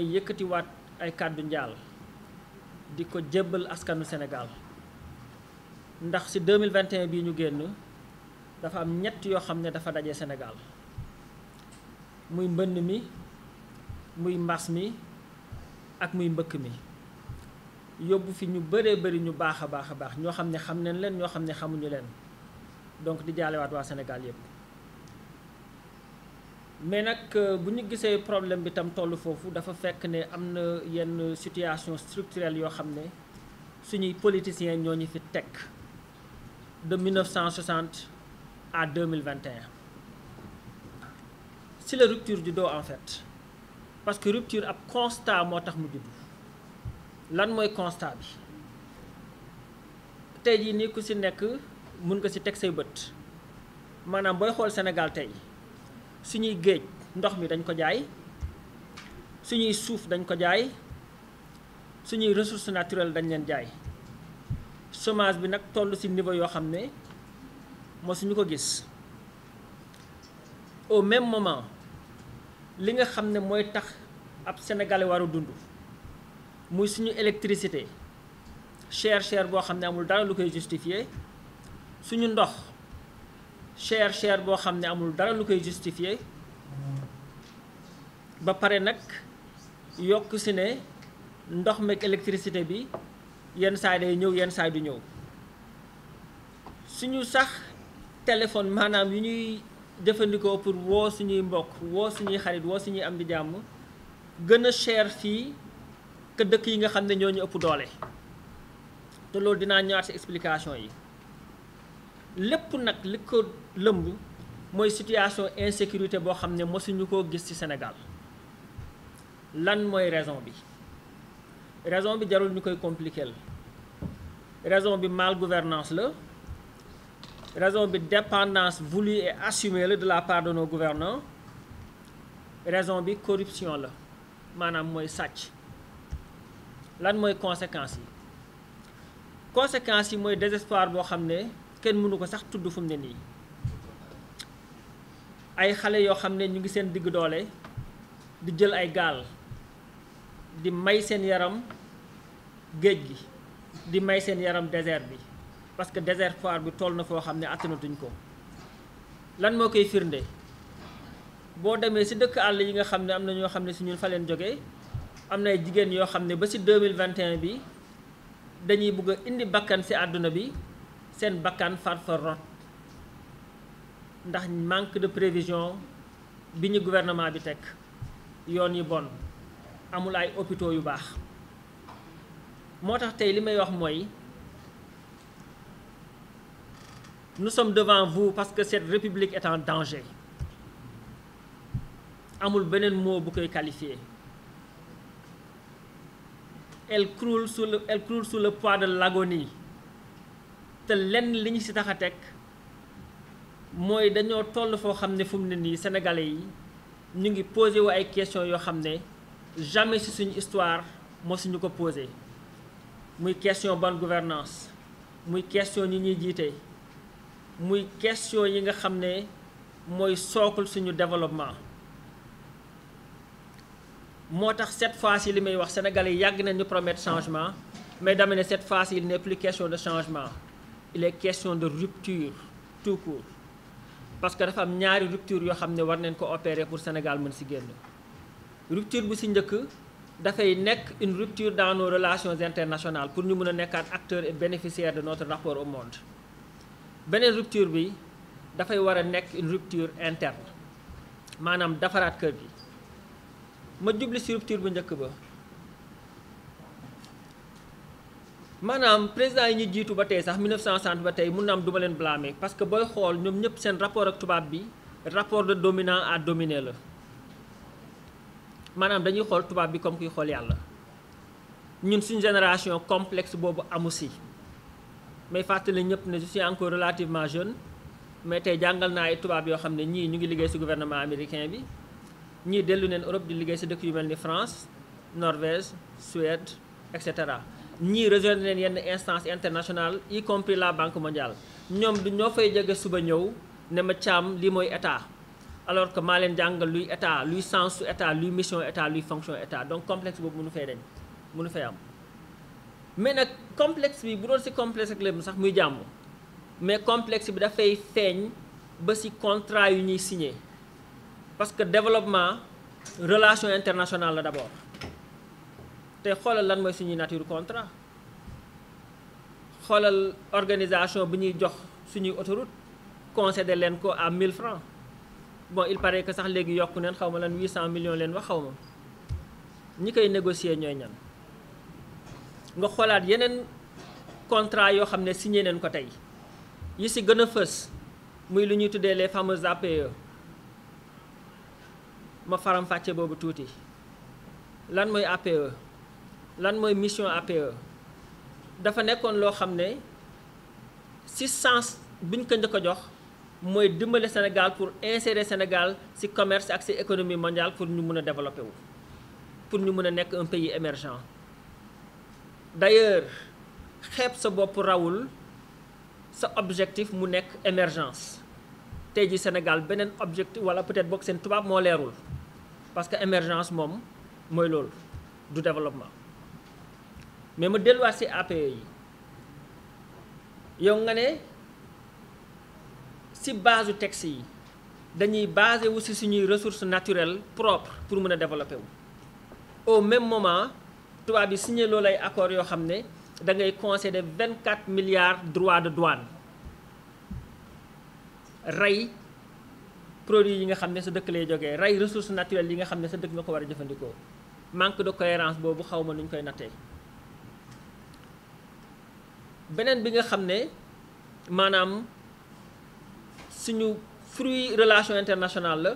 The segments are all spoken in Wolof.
damay yëkkatiwaat ay kàddu njaal di ko jébbal askanu Sénégal ndax si 2021 bii ñu génn dafa am ñett yoo xam ne dafa daje senegaal muy mbënn mi muy mbas mi ak muy mbëkk mi yóbbu fi ñu bëree bëri ñu baax a baax a baax ñoo xam ne xam nañ leen ñoo xam ne xamuñu leen donc di jaalewaat waa Sénégal yépp mais nag euh, bu ñu gisee problème bi tam tollu foofu dafa fekk ne am na yenn situation structurelle yoo xam ne suñuy politiciens ñoo ñu fi teg de 1960 à 2021 si la rupture juddoo en fait parce que rupture ab constat moo tax mu judd lan mooy constat bi tey jii nii ku si nekk mun nga si teg say bët maanaam booy xool Sénégal tey. suñuy géej ndox mi dañ ko jaay suñuy suuf dañ ko jaay suñuy ressources naturelles dañ leen jaay chômage bi nag toll ci niveau yoo xam ne moo suñu ko gis au même moment li nga xam ne mooy tax ab sénégalais waru dund muy suñu électricité cher cher boo xam ne amul dara lu koy justifier suñu ndox cher cher boo xam ne amul dara lu koy justifier ba pare nag yokk si ne ndox meeg électricité bi yenn saay day ñëw yenn saa du ñëw suñu sax téléphone maanaam yu ñuy jëfandikoo pour woo suñuy mbokk woo suñuy xarit woo suñuy am di jàmm gën a cher fii que dëkk yi nga xam ne ñoo ñu ëpp doole te loolu dinaa ñëwaat si explication yi lépp nag li ko lëmb mooy situation insécurité boo xam ne mosuñu ko gis ci Sénégal lan mooy raison bi raison bi jarul ñu koy compliquer la raison bi mal gouvernance la raison bi dépendance voulue et assumée la de la part de raison bi corruption la maanaam mooy sàcc lan mooy conséquence yi conséquences yi mooy désespoir boo xam ne kenn mënu ko sax tudd fu ne nii ay xale yoo xam ne ñu ngi seen diggu doole di jël ay gaal di may seen yaram géej gi di may seen yaram désert bi parce que désert foire bi toll na foo xam ne attanatuñ ko lan moo koy firnde boo demee ci dëkk àll yi nga xam ne am na ñoo xam ne si ñu fa leen jógee am na ay jigéen yoo xam ne ba ci 2021 bi dañuy bëgg a indi bakkan ci àdduna bi seen bakkan far fa ndax manque de prévision bi ñu gouvernement bi teg yoon yi bon amul ay opito yu baax moo tax tey li may wax mooy nous sommes devant vous parce que cette république est en danger amul beneen mot bu koy qualifier el croule sous le elle croule sous le poids de l'agonie te lenn li ñu si tax a teg mooy dañoo toll foo xam ne fu mu ne nii sénégalais yi ñu ngi posé wu ay questions yoo xam ne jamais si suñu histoire moo suñu ko posé muy question bonne gouvernance muy question yi ñuy jiite muy question yi nga xam ne mooy sookul suñu développement moo tax cette fois yi li may wax yi yàgg nañu promettre changement mais dama ne cette fois-ci il n'est plus question de changement il est question de rupture tout parce que dafa am ñaari rupture yoo xam ne war nañ ko opérer pour Sénégal mën si génn rupture bu si njëkk dafay nekk une rupture dans nos relations internationales pour ñu mën a nekkaat acteur et bénéficiaire de notre rapport au monde beneen rupture bi dafay war a nekk une rupture interne maanaam defaraat kër gi ma jubli si rupture bu njëkk ba maanaam président yi ñu jiitu ba tey sax 1960 ba tey mun na am du ma leen blâmer parce que booy xool ñoom ñëpp seen rapport ak tubaab bi rapport de dominant à dominé la maanaam dañuy xool tubaab bi comme kuy xool yàlla ñun suñu génération complexe boobu amu si mais fàttali ñëpp ne je suis encore relativement jeune mais tey jàngal naa ay tubaab yoo xam ne ñii ñu ngi liggéey si gouvernement américain bi ñii dellu neen Europe di liggéey sa dëkk yu mel ni France Norvège Suède et cetera. ñii rejoindre leen yenn instance internationale y la banque mondiale ñoom du ñoo fay jege suba ñëw ne ma caam lii mooy état alors que ma leen jàngal luy état luy sens su état luy mission état luy fonction état donc complexe boobu mënu fay dañ nu fay am mais nag complexe bi bu doon si complexe ak lépp sax muy jàmm mais complexe bi dafay feeñ ba si contrat yu ñuy signe parce que développement relation internationale la d'abord te xoolal lan mooy suñuy nature contrat xoolal organisation bi ñuy jox suñuy autoroute concédé leen ko à mille francs bon il pare que sax léegi yokk neen xaw ma lan 800 millions leen wax xaw ma ñi koy négocier ñooy ñan nga xoolaat yeneen contrat yoo xam ne signé neen ko tey yi si gën a fës muy lu ñuy tuddee les fameuses APE ma faram fàcce boobu tuuti lan mooy APE lan mooy mission a e? dafa nekkoon loo xam ne ci sens biñ ko njëkk jox mooy dimbale Sénégal pour insérer Sénégal ci commerce ak ci économie mondiale pour ñu mën a développer wu pour ñu mën a nekk un pays émergent d'ailleurs xeeb sa bopp rawul sa objectif mu nekk émergence tey ji Sénégal beneen objectif wala peut-être boog seen tubaab moo leerul parce que émergence moom mooy loolu du développement mais ma delluwaat si APE yi yow nga ne si base texte yi dañuy basé wu si suñuy ressources naturelles propres pour mën a développer wu au même moment tubaab bi signé loolu ay accords yoo xam ne da ngay concéder vingt quatre milliards droits de douane rey produits yi nga xam ne sa dëkk lay jogee ray ressources naturel yi nga xam ne sa dëkk nga ko war a jëfandikoo manque de cohérence boobu xaw ma nu ñu koy nattee beneen bi nga xam ne maanaam suñu fruit relation internationale la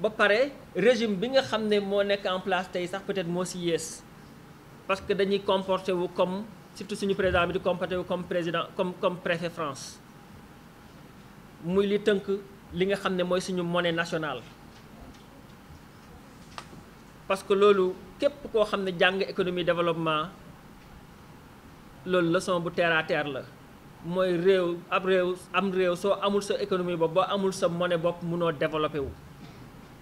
ba pare régime bi nga xam ne moo nekk en place tey sax peut-être moo si yées parce que dañuy comporté wu comme surtout suñu président bi di comporté wu comme président comme comme préfet France muy li tënk li nga xam ne mooy suñu monnaie national parce que loolu képp koo xam ne jàng économie développement loolu leçon bu terre la mooy réew ab réew am réew soo amul sa économie bopp boo amul sa monnaie bopp munoo développé wu.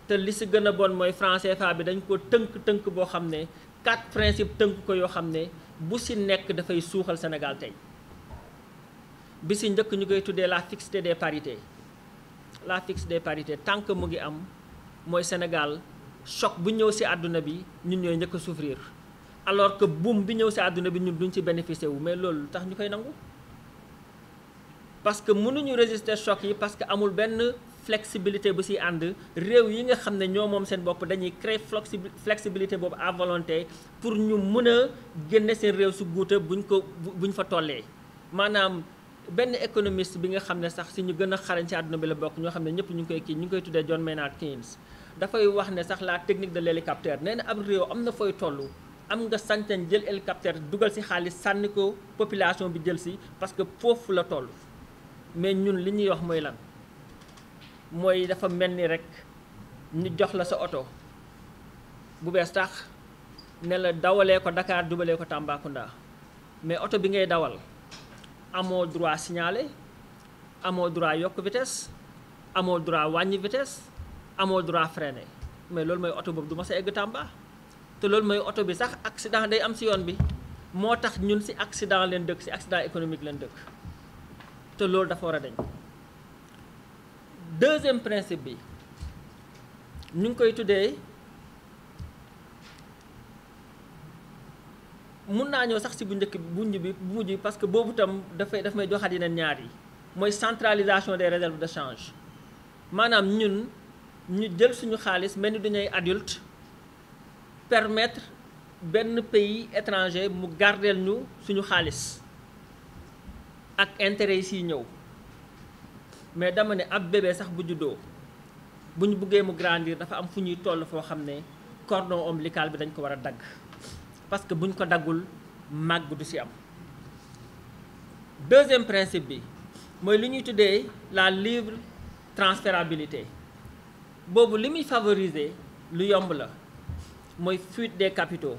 te li si gën a bon mooy franc CFA bi dañ ko tënk-tënk boo xam ne quatre principes tënk ko yoo xam ne bu si nekk dafay suuxal Sénégal tey bi si njëkk ñu koy tuddee la fixité des parités la fixe des parités tant que mu ngi am mooy Sénégal choc bu ñëw si àdduna bi ñun ñooy njëkk a alors que buum bi ñëw si àdduna bi ñun duñ ci bénéficier wu mais loolu tax ñu koy nangu parce que mënuñu résister choc yi parce que amul benn flexibilité bu si ànd réew yi nga xam ne ñoo moom seen bopp dañuy créer flexibilité boobu à pour ñu mën a génne seen réew si guuta buñ ko buñ fa tollee maanaam benn économiste bi nga xam ne sax si ñu gën a xarañ si àdduna bi la bokk ñoo xam ne ñëpp ñu ngi koy kii ñu koy tuddee John Maynard Keynes dafay wax ne sax la technique de l'hélicoptère nee na ab réew na fooy toll am nga santañ jël hélicoptère dugal ci xaalis sànni ko population bi jël si parce que foofu la toll mais ñun li ñuy wax mooy lan mooy dafa mel ni rek ñu jox la sa oto bu bees tax ne la dawalee ko ndakaar dubalee ko Tambacounda mais oto bi ngay dawal amoo droit signalé amoo droit yokk vitesse amoo droit wàññi vitesse amoo droit freiné mais loolu mooy oto boobu du ma sa egg Tamba. te loolu mooy oto bi sax accident day am si yoon bi moo tax ñun si accident leen dëkk si accident économique leen dëkk te loolu dafa war a dañ deuxième principe bi ñu ngi koy tuddee mun naa ñëw sax si bu njëkk bu mujj bi bu mujj parce que boobu tam dafay daf may joxaat yeneen ñaar yi mooy centralisation des réserves de change maanaam ñun ñu jël suñu xaalis mel ni duñuy adulte permettre benn pays étranger mu gardeel ñu suñu xaalis ak intérêt yi siy ñëw mais dama ne ab bébé sax bu juddoo bu ñu buggee mu grandir dafa am fu ñuy toll foo xam ne cordon ombilical bi dañ ko war a dagg parce que bu ñu ko daggul màgg du si am deuxième principe bi mooy li ñuy tuddee la libre transférabilité boobu li muy favoriser lu yomb la mooy fuite des capitaux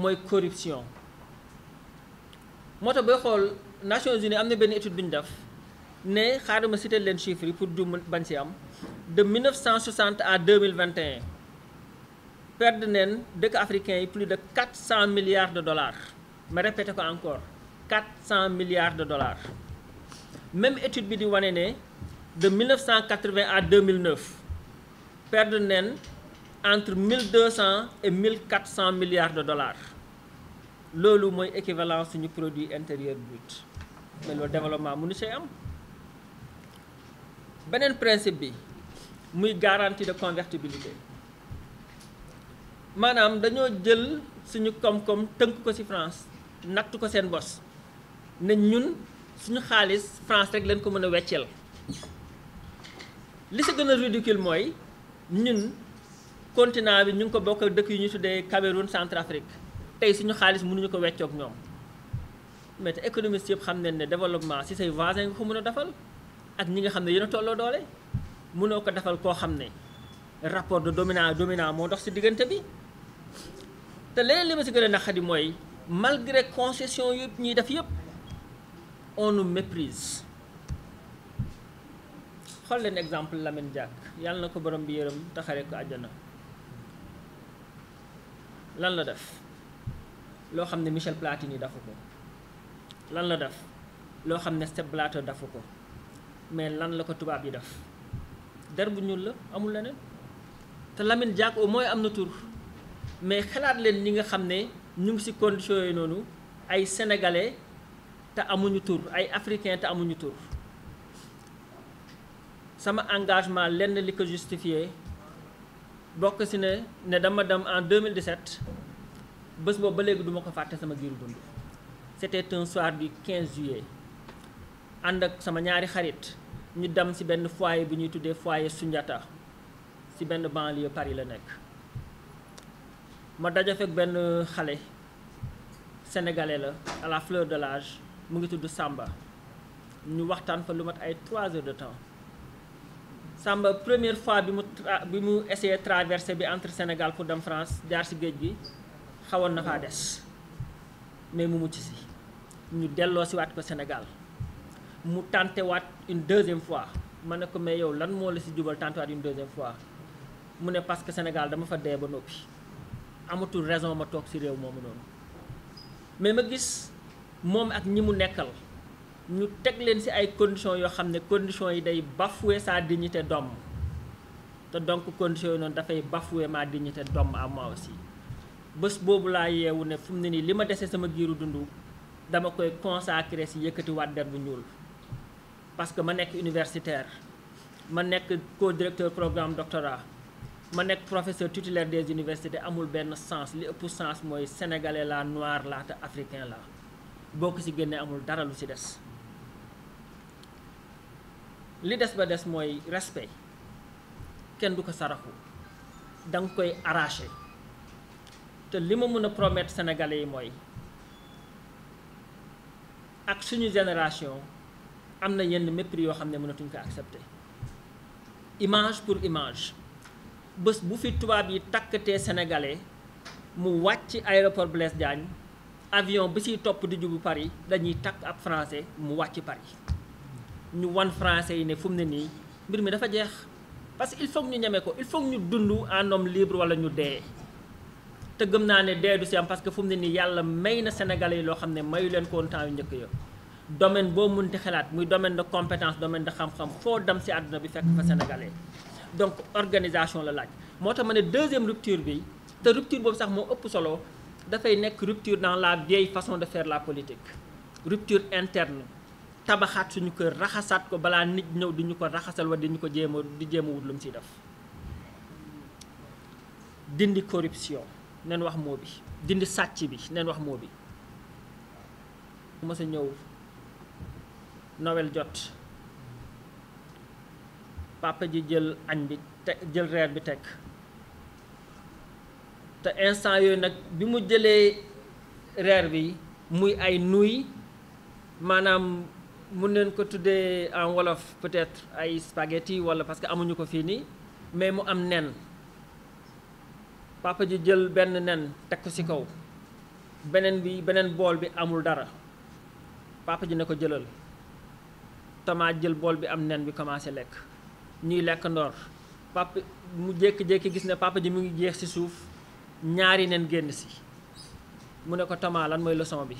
mooy corruption moo tax booy xool Nations Unies am na benn étude bu ñu def ne xaaral ma cité leen chiffres pour du bañ ci am de 1960 à 2021 perdre neen dëkk africain yi plus de 400 milliards de dollars ma répété ko encore 400 milliards de dollars même étude bi di wane ne de 1980 à 2009 perdre neen. entre mille deux cent et mille quatre cent milliards de dollars loolu mooy équivalent suñu produit intérieur brut mais loolu mu mënu see am beneen principe bi muy garantie de convertibilité maanaam dañoo jël suñu koom-koom tënk ko ci France nattu ko seen bos ne ñun suñu xaalis France rek leen ko mën a wecceel li si gën a mooy ñun. continent bi ñu ngi ko bokk dëkk yu ñu tuddee Cameroun Centrafrique tey suñu xaalis mënuñu ko weccoog ñoom mais te économiste yëpp xam nañ ne développement ci say voisin nga ko mun a defal ak ñi nga xam ne yéen a tolloo doole mënoo ko defal koo xam ne rapport de dominant dominant moo dox si diggante bi te leneen li ma si gën a naqadi mooy malgré concession yu ñuy def yëpp on nous méprise xool leen exemple Lamine Diack yàlla na ko borom bi yërëm taxare ko àjjana lan la def loo xam ne Michel Platini dafa ko lan la def loo xam ne Sepp Blatter dafa ko mais lan la ko tubaab yi def der bu ñuul la amul leneen te Lamine Diack au moins am na tur mais xalaat leen ñi nga xam ne ñu ngi ci condition yooyu noonu ay sénégalais te amuñu tur ay africains te amuñu tur sama engagement lenn li ko justifié. bokk si ne ne dama dem en 2017 bés boobu ba léegi duma ko fàtte sama giiru dund c'était un soir du 15 juillet ànd ak sama ñaari xarit ñu dem si benn foyer bi ñuy tuddee foyer Sundiata si benn banlieue Paris la nekk ma daje fekk benn xale sénégalais la à fleur de lage mu ngi tudd Samba ñu waxtaan fa lu mat ay trois heures de temps Samba première fois bi mu bi mu essayé traversé bi entre Sénégal pour dem France jaar ci géej gi xawoon na faa des mais mu mucc si ñu delloo si waat ko Sénégal mu tenté waat une deuxième fois ma ne ko mais yow lan moo la si jubal tenté waat une deuxième fois mu ne parce que Sénégal dama fa dee ba noppi amatul raison ma toog si réew moomu noonu mais ma gis moom ak ñi mu nekkal. ñu teg leen ci ay conditions yoo xam ne conditions yi day bafouer sa dignité d'homme te donc conditions yi dafay bafouer ma dignité d'homme à moi aussi bés boobu laa yeewu ne fu mu ne nii li ma dese sama giiru dundu dama koy consacrer ci yëkkati der bu ñuul parce que ma nekk universitaire ma nekk co-directeur programme doctorat ma nekk professeur titulaire des universités amul benn sens li ëpp sance mooy sénégalais la noir laata te africain la bokk ko ci génnee amul dara lu ci des li des ba des mooy respect kenn du ko saraxu danga koy arraché te li ma mën a promettre sénégalais yi mooy ak suñu génération am na yenn mépris yoo xam ne mënatuñ ko accepter image pour image bés bu fi tubaab yi takkatee sénégalais mu wàcc aéroport Blaise Diagne avion bi siy topp di jubu Paris dañuy takk ab français mu wàcc Paris ñu wan francais yi ne fu mu nii mbir mi dafa jeex parce que il faut ñu ñeme ko il faut ñu dund en homme libre wala ñu dee te gëm naa ne dee du si am parce que fu ne nii yàlla may na sénégalais yi loo xam ne mayu leen ko woon temps njëkk ya domaine boo munti xalaat muy domaine de compétence domaine de xam-xam foo dem si àdduna bi fekk fa sénégalais donc organisation la laaj moo tax ma ne deuxième rupture bi te rupture boobu sax moo ëpp solo dafay nekk rupture dans la vieille façon de faire la politique rupture interne tabaxaat suñu kër raxasaat ko balaa nit ñëw di ko raxasal wa di ko jéem a di jéem a wut lu mu def dindi corruption neen wax moo bi dindi sàcc bi neen wax moo bi mës a ñëw Noël jot papa ji jël añ bi te jël reer bi teg te instant yooyu nag bi mu jëlee reer bi muy ay nuy maanaam mun neen ko tuddee en wolof peut-être ay spaghetti wala parce que amuñu ko fii nii mais mu am nen papa ji jël benn nen teg ko ci kaw beneen bi beneen bool bi amul dara papa ji ne ko jëlal tamaa jël bool bi am nen bi commencé lekk ñuy lekk ndoor papa mu jékki-jékki gis ne papa ji mu ngi jeex ci suuf ñaari nen génn si mu ne ko tamaa lan mooy leçon bi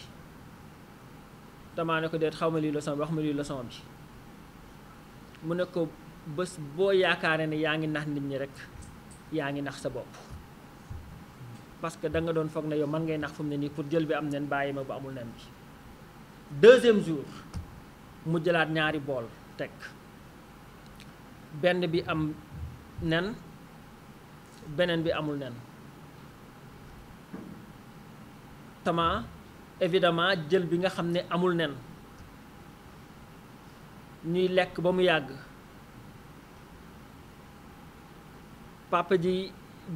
tamaa ne ko déet xaw ma lii leçon bi wax ma lii leçon bi mu ne ko bés boo yaakaaree ne yaa ngi nax nit ñi rek yaa ngi nax sa bopp parce que da nga doon foog na yow man ngay nax fu mu ne nii pour jël bi am nen bàyyi ma bu amul nen bi deuxième jour mu jëlaat ñaari bool teg benn bi am nen beneen bi amul nen tamaa évidemment jël bi nga xam ne amul nen ñuy lekk ba mu yàgg papa ji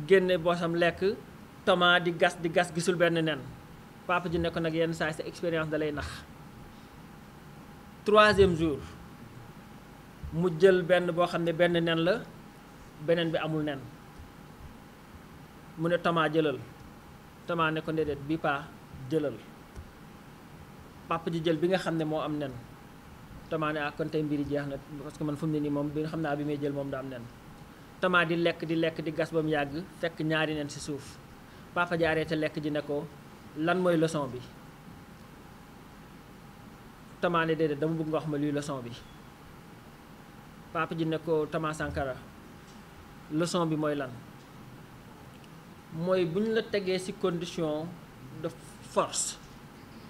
génne boosam lekk toma di gas di gas gisul benn nen papa ji ne ko nag yenn saa sa expérience da lay nax troisième jour mu jël benn boo xam ne benn nen la beneen bi amul nen mu ne toma jëlal toma ne ko déedéet bi paa jëlal papa ji jël bi nga xam ne moo am nen tamaa ne ah kon tey mbiri jeex na parce que man fu ni nii moom bi nga xam naa bi may jël moom da am nen tamaa di lekk di lekk di gas ba mu yàgg fekk ñaari nen si suuf papa jaaree te lekk ji ne ko lan mooy leçon bi tamaa ne déedéet dama bëgg nga wax ma luy leson bi papa ji ne ko Thomas Sankara leçon bi mooy lan mooy bu ñu la tegee ci condition de force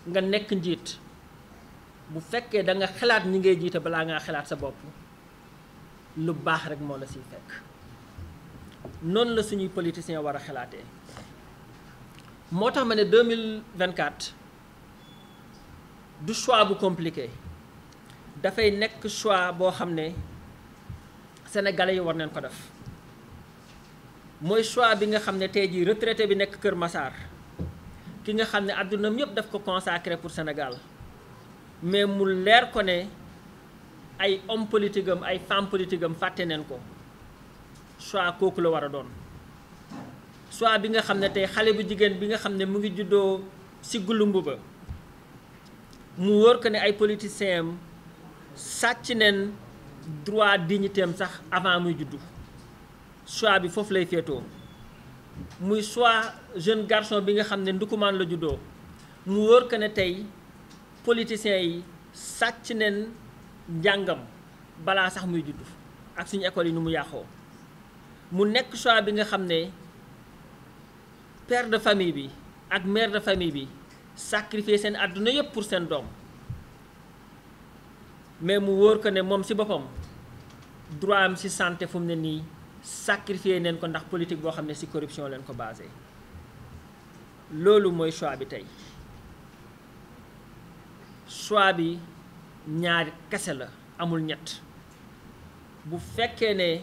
nga nekk njiit bu fekkee da nga xalaat ñi ngay jiite balaa ngaa xalaat sa bopp lu baax rek moo la siy fekk noonu la suñuy politiciens war a xalaatee moo tax ma ne 2024 du choix bu compliqué dafay nekk choix boo xam ne sénégalais yi war nañ ko def mooy choix bi nga xam ne tey jii retraité bi nekk Kër masaar ki nga xam ne àdduna yëpp daf ko consacré pour Sénégal mais mu leer ko ne ay homme politique ay femme politique am fàtte neen ko choix kooku la war a doon choix bi nga xam ne tey xale bu jigéen bi nga xam ne mu ngi juddoo si gulumbu ba mu wóor ko ne ay politiciens am sàcc neen droit dignité sax avant muy juddu choix bi foofu lay féetoo muy soit jeune garçon bi nga xam ne ndukumaan la juddoo mu wóor ko ne tey politiciens yi sàcc neen njàngam balaa sax muy juddu ak suñu école yi ni mu yàqoo mu nekk choix bi nga xam ne père de famille bi ak mère de famille bi sacrifier seen àdduna yëpp pour seen doom mais mu wóor ko ne moom ci boppam droit am ci sante fu ne nii sacrifier neen ko ndax politique boo xam ne ci corruption leen ko basé loolu mooy choix bi tey choix bi ñaari kese la amul ñett bu fekkee ne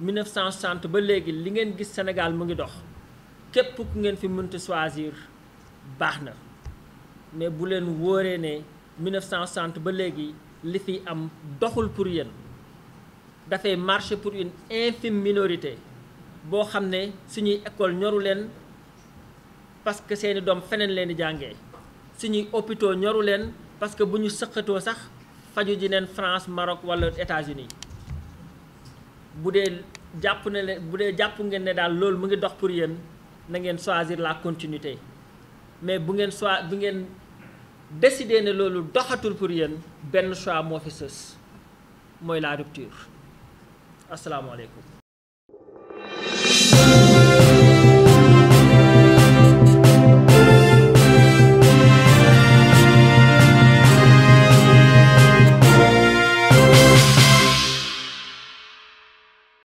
1960 ba léegi li ngeen gis Sénégal mu ngi dox képp ku ngeen fi mënta choisir baax na mais bu leen wóoree ne 1960 ba léegi li fi am doxul pour yéen dafay marcher pour une infime minorité boo xam ne suñuy école ñoru leen parce que seeni doom feneen leen di jàngee suñuy hôpitaux ñoru leen parce que bu ñu sëqatoo sax faju ji neen France Maroc wala États-Unis bu dee jàpp ne leen bu dee jàpp ngeen ne daal loolu mu ngi dox pour yéen na ngeen choisir la continuité mais bu ngeen soit bu ngeen décider ne loolu doxatul pour yéen benn choix moo fi sës mooy la rupture asalaamaaleykum